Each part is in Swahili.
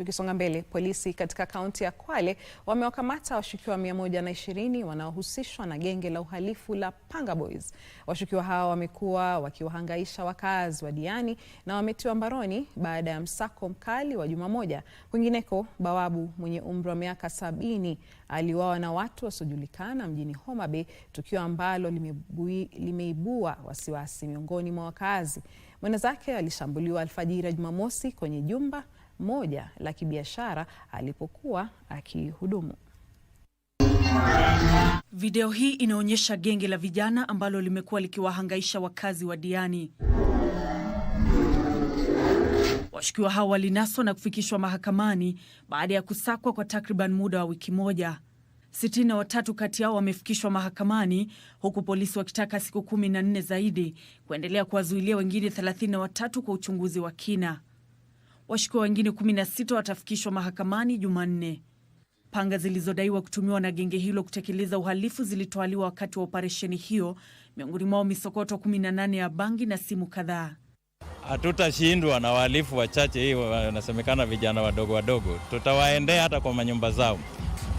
Tukisonga mbele, polisi katika kaunti ya Kwale wamewakamata washukiwa 120 wanaohusishwa na genge la uhalifu la Panga Boys. Washukiwa hao wamekuwa wakiwahangaisha wakazi wa Diani na wametiwa mbaroni baada ya msako mkali wa juma moja. Kwingineko, bawabu mwenye umri wa miaka sabini aliuawa na watu wasiojulikana mjini Homa Bay, tukio ambalo limeibua wasiwasi miongoni mwa wakazi. Mwenzake alishambuliwa alfajiri ya Jumamosi kwenye jumba moja la kibiashara alipokuwa akihudumu. Video hii inaonyesha genge la vijana ambalo limekuwa likiwahangaisha wakazi wa Diani. Washukiwa hao walinaswa na kufikishwa mahakamani baada ya kusakwa kwa takriban muda wa wiki moja. Sitini na watatu kati yao wamefikishwa mahakamani huku polisi wakitaka siku kumi na nne zaidi kuendelea kuwazuilia wengine thelathini na watatu kwa uchunguzi wa kina. Washukiwa wengine 16 watafikishwa mahakamani Jumanne. Panga zilizodaiwa kutumiwa na genge hilo kutekeleza uhalifu zilitwaliwa wakati wa operesheni hiyo, miongoni mwao misokoto 18 ya bangi na simu kadhaa. Hatutashindwa na wahalifu wachache, hii wanasemekana vijana wadogo wadogo, tutawaendea hata kwa manyumba zao.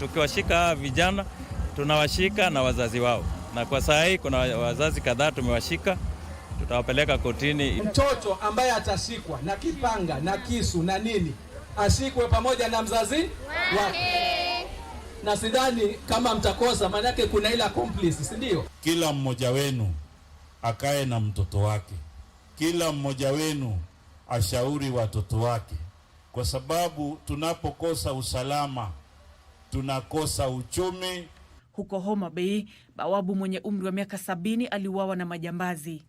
Tukiwashika vijana tunawashika na wazazi wao, na kwa saa hii kuna wazazi kadhaa tumewashika tutawapeleka kotini. Mtoto ambaye atashikwa na kipanga na kisu na nini ashikwe pamoja na mzazi wake, na sidhani kama mtakosa, maanake kuna ila accomplice, si ndio? Kila mmoja wenu akae na mtoto wake, kila mmoja wenu ashauri watoto wake, kwa sababu tunapokosa usalama tunakosa uchumi. Huko Homa Bay, bawabu mwenye umri wa miaka sabini aliuawa na majambazi.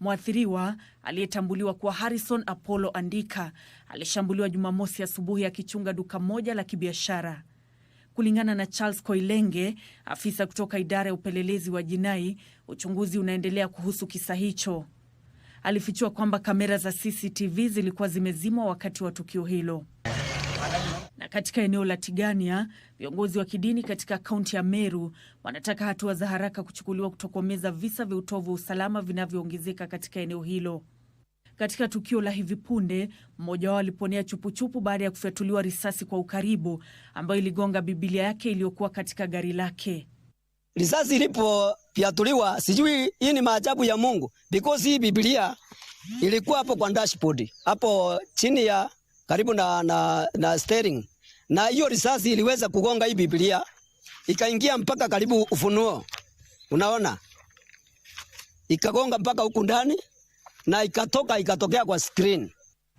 Mwathiriwa aliyetambuliwa kuwa Harrison Apollo Andika alishambuliwa Jumamosi asubuhi akichunga duka moja la kibiashara. Kulingana na Charles Koilenge, afisa kutoka idara ya upelelezi wa jinai, uchunguzi unaendelea kuhusu kisa hicho. Alifichua kwamba kamera za CCTV zilikuwa zimezimwa wakati wa tukio hilo katika eneo la Tigania, viongozi wa kidini katika kaunti ya Meru wanataka hatua za haraka kuchukuliwa kutokomeza visa vya utovu wa usalama vinavyoongezeka katika eneo hilo. Katika tukio la hivi punde, mmoja wao aliponea chupuchupu baada ya kufyatuliwa risasi kwa ukaribu, ambayo iligonga Bibilia yake iliyokuwa katika gari lake. Risasi ilipofyatuliwa, sijui hii ni maajabu ya Mungu because hii Biblia ilikuwa hapo kwa dashboard hapo chini ya karibu na, na, na steering na hiyo risasi iliweza kugonga hii Biblia ikaingia mpaka karibu Ufunuo, unaona, ikagonga mpaka huku ndani na ikatoka ikatokea kwa screen.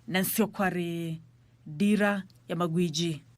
Nancy Okware, Dira ya Magwiji.